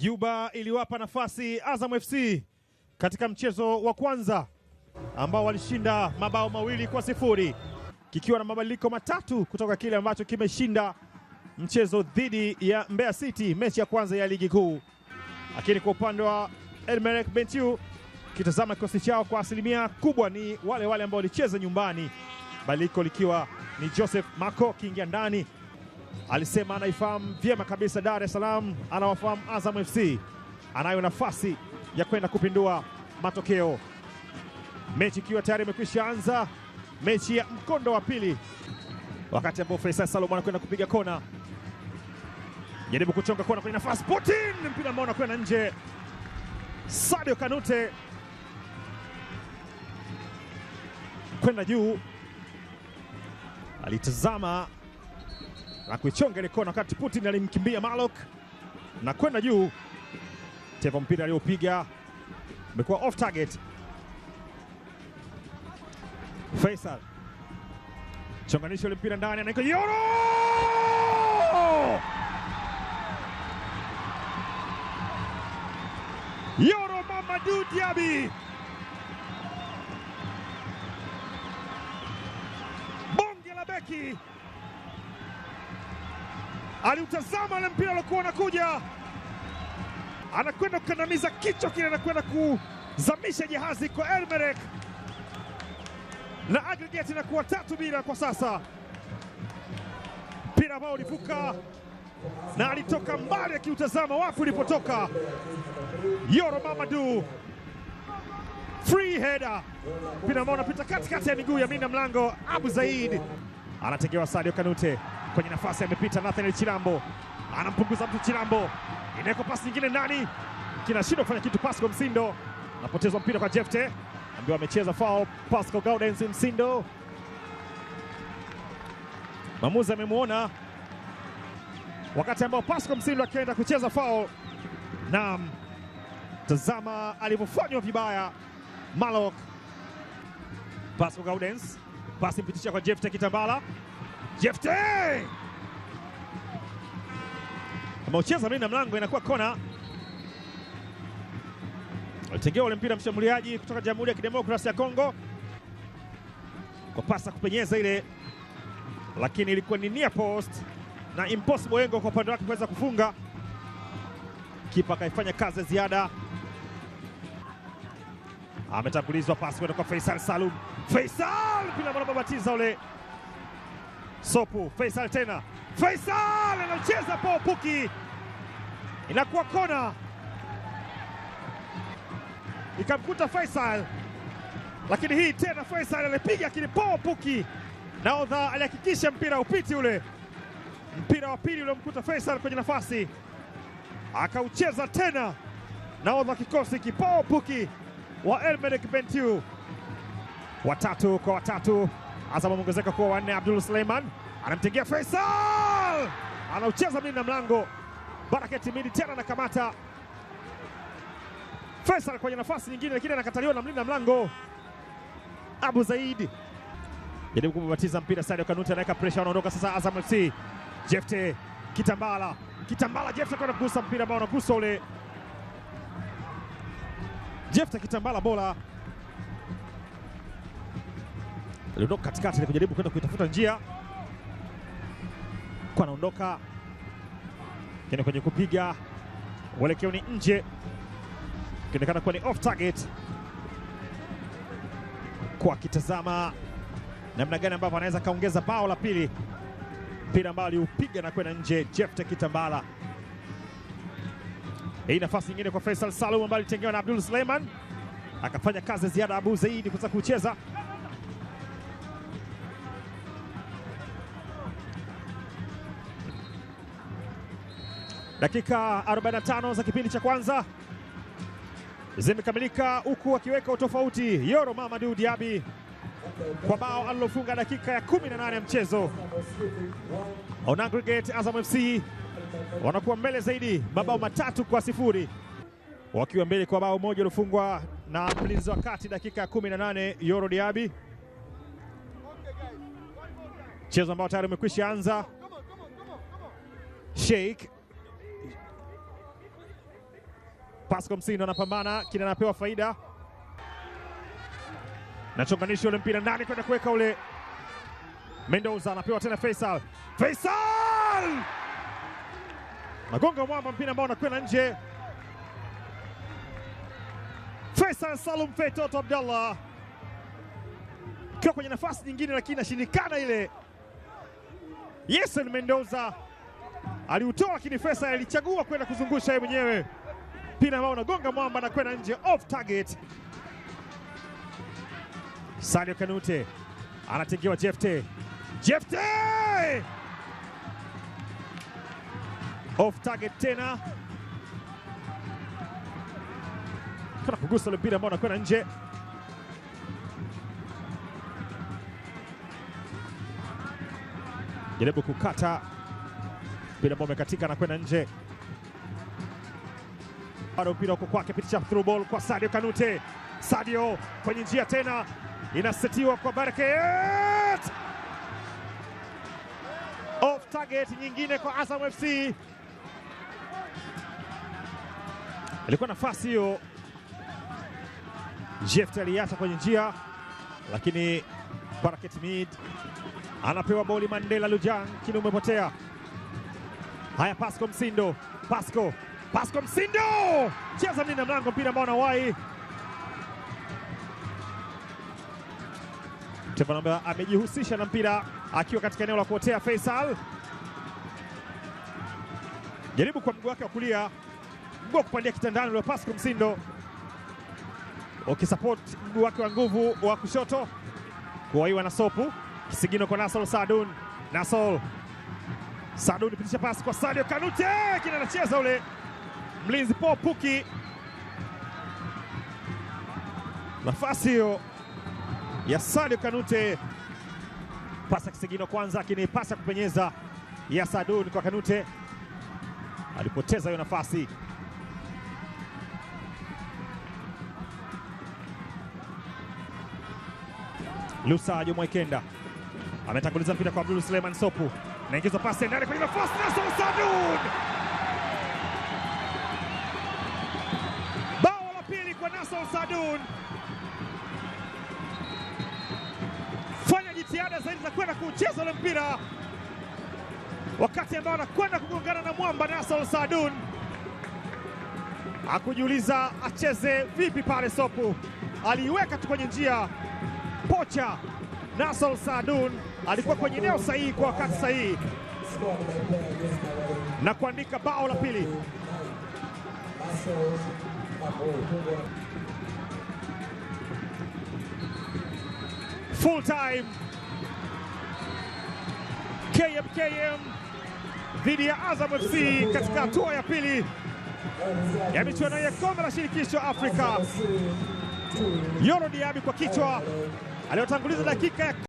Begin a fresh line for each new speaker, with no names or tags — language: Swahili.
Juba iliwapa nafasi Azam FC katika mchezo wa kwanza ambao walishinda mabao mawili kwa sifuri kikiwa na mabadiliko matatu kutoka kile ambacho kimeshinda mchezo dhidi ya Mbeya City mechi ya kwanza ya ligi kuu. Lakini kwa upande wa Elmerek Bentiu, kitazama kikosi chao kwa asilimia kubwa ni wale wale ambao walicheza nyumbani, badiliko likiwa ni Joseph Mako kiingia ndani alisema anaifahamu vyema kabisa Dar es Salaam, anawafahamu Azam FC, anayo nafasi ya kwenda kupindua matokeo. Mechi ikiwa tayari imekwisha anza, mechi ya mkondo wa pili, wakati ambao Faisal Salum anakwenda kupiga kona, jaribu kuchonga kona kwenye nafasi, Putin, mpira ambao unakwenda nje. Sadio Kanute kwenda juu, alitazama na kuichonga ile kona, wakati Putin alimkimbia Malok na kwenda juu. tevo mpira aliopiga umekuwa off target. Faisal chonganisho ile mpira ndani, anaika Yoro Yoro Mamadou Diaby bonge la beki aliutazama ule mpira aliokuwa unakuja, anakwenda kukandamiza kichwa kile, anakwenda kuzamisha jahazi kwa Elmerek na aggregate inakuwa tatu bila kwa sasa. Mpira ambao ulivuka na alitoka mbali akiutazama wapi ulipotoka. Yoro Mamadu free header, mpira ambao unapita katikati ya miguu ya mina mlango. Abu Zaid anategewa Sadio Kanute kwenye nafasi amepita Nathaniel Chilambo, anampunguza mtu Chilambo, inawekwa pasi nyingine ndani, kinashindwa kufanya kitu. Pasco Msindo anapotezwa mpira kwa Jefte ambaye amecheza foul. Pasco Gaudens Msindo, mwamuzi amemwona wakati ambao Pasco Msindo akienda kucheza foul. Naam, tazama alivyofanywa vibaya Malok. Pasco Gaudens, pasi mpitisha kwa Jefte Kitambala Jefte ameucheza mlinda mlango, inakuwa kona. Alitengewa ule mpira mshambuliaji kutoka Jamhuri ya Kidemokrasia ya Kongo kwa pasa kupenyeza ile, lakini ilikuwa ni near post na impossible engo kwa upande wake kuweza kufunga. Kipa akaifanya kazi ziada, ametangulizwa pasi kwenda kwa Faisal Salum. Faisal bila batiza ule Sopu Faisal tena, Faisal anacheza pao puki, inakuwa kona, ikamkuta Faisal, lakini hii tena Faisal alipiga, lakini po puki, naodha alihakikisha mpira upiti ule mpira wa pili uliomkuta Faisal kwenye nafasi akaucheza tena, naodha kikosi kipo puki wa Elmerick Bentiu, watatu kwa watatu. Azam ameongezeka kuwa wanne. Abdul Suleiman anamtengia Faisal, anaucheza mlinda mlango Barakat Midi tena anakamata Faisal kwenye nafasi nyingine, lakini anakataliwa na mlinda mlango Abu zaidi Jaribu kubabatiza mpira, Sadio Kanute anaweka pressure, anaondoka sasa Azam FC. Jefte Kitambala, Kitambala Jefte kwenda kugusa mpira ambao unagusa ule Jefte Kitambala bola aliondoka katikati kujaribu kwenda kuitafuta njia kwa anaondoka kene kwenye kupiga uelekeo ni nje, kionekana kuwa ni off target kwa akitazama namna gani ambavyo anaweza akaongeza bao la pili, mpira ambao aliupiga na kwenda nje. Jefte Kitambala, hii nafasi nyingine kwa Faisal Salum ambaye alitengewa na Abdul Suleiman, akafanya kazi ziada Abu Zaidi kuweza kucheza Dakika 45 za kipindi cha kwanza zimekamilika huku akiweka utofauti Yoro Mamadu Diaby kwa bao alilofunga dakika ya 18 ya mchezo. On aggregate, Azam FC wanakuwa mbele zaidi mabao matatu kwa sifuri wakiwa mbele kwa bao moja lilofungwa na mlinzi wa kati dakika ya 18 Yoro Diaby. Mchezo ambao tayari umekwisha anza. Sheikh Pasco Msindo anapambana, kina anapewa faida, nachonganisha ule mpira ndani kwenda kuweka ule Mendoza, anapewa tena Faisal. Faisal nagonga mwamba, mpira ambao unakwenda nje. Faisal Salum Fetoto Abdallah kiwa kwenye nafasi nyingine, lakini inashindikana ile. Yesen Mendoza aliutoa, lakini Faisal alichagua kwenda kuzungusha yeye mwenyewe mpira ambao unagonga mwamba na kwenda nje off target. Salio Kanute anatingiwa Jefte, Jefte off target tena, kana kugusa ule mpira ambao unakwenda nje. Jaribu kukata mpira ambao umekatika na kwenda nje bado mpira uko kwake, pitisha through ball kwa Sadio Kanute. Sadio kwenye njia tena, inasetiwa kwa Barket, off target nyingine kwa Azam FC. Ilikuwa nafasi hiyo, Jeff aliacha kwenye njia, lakini Barket Mid anapewa boli. Mandela Lujang, kinumepotea. Haya, Pasco Msindo, Pasco Pas kwa Msindo, cheza mlinda mlango mpira ambao anawahi Tevanombea amejihusisha na mpira akiwa katika eneo la kuotea. Faisal jaribu kwa mguu wake wa kulia, mguu wa kupandia kitandani ule Pascal Msindo ukisupport mguu wake wa nguvu wa kushoto kuwaiwa na Sopu kisigino kwa Nasol Sadun. Nasol Sadun pitisha pasi kwa Sadio Kanute, kina anacheza ule mlinzi Paul Puki, nafasi hiyo ya Sadio Kanute, pasa kisigino kwanza, lakini pasa kupenyeza ya Sadun kwa Kanute, alipoteza hiyo nafasi. Lusa Jomwaikenda ametanguliza mpira kwa Abdul Suleiman Sopu, naingizwa pasi ndani kwenye nafasi, Nelson Sadun Faisal Saadun, fanya jitihada zaidi za kwenda kucheza ule mpira, wakati ambao anakwenda kugongana na mwamba Nasol Saadun akujiuliza acheze vipi pale. Sopu aliiweka tu kwenye njia pocha. Nasol Saadun alikuwa kwenye eneo sahihi kwa wakati sahihi na kuandika bao la pili. Full time KMKM dhidi ya Azam FC katika hatua ya pili ya michuano ya kombe la shirikisho Afrika. Yoro Diaby kwa kichwa aliyotanguliza dakika ya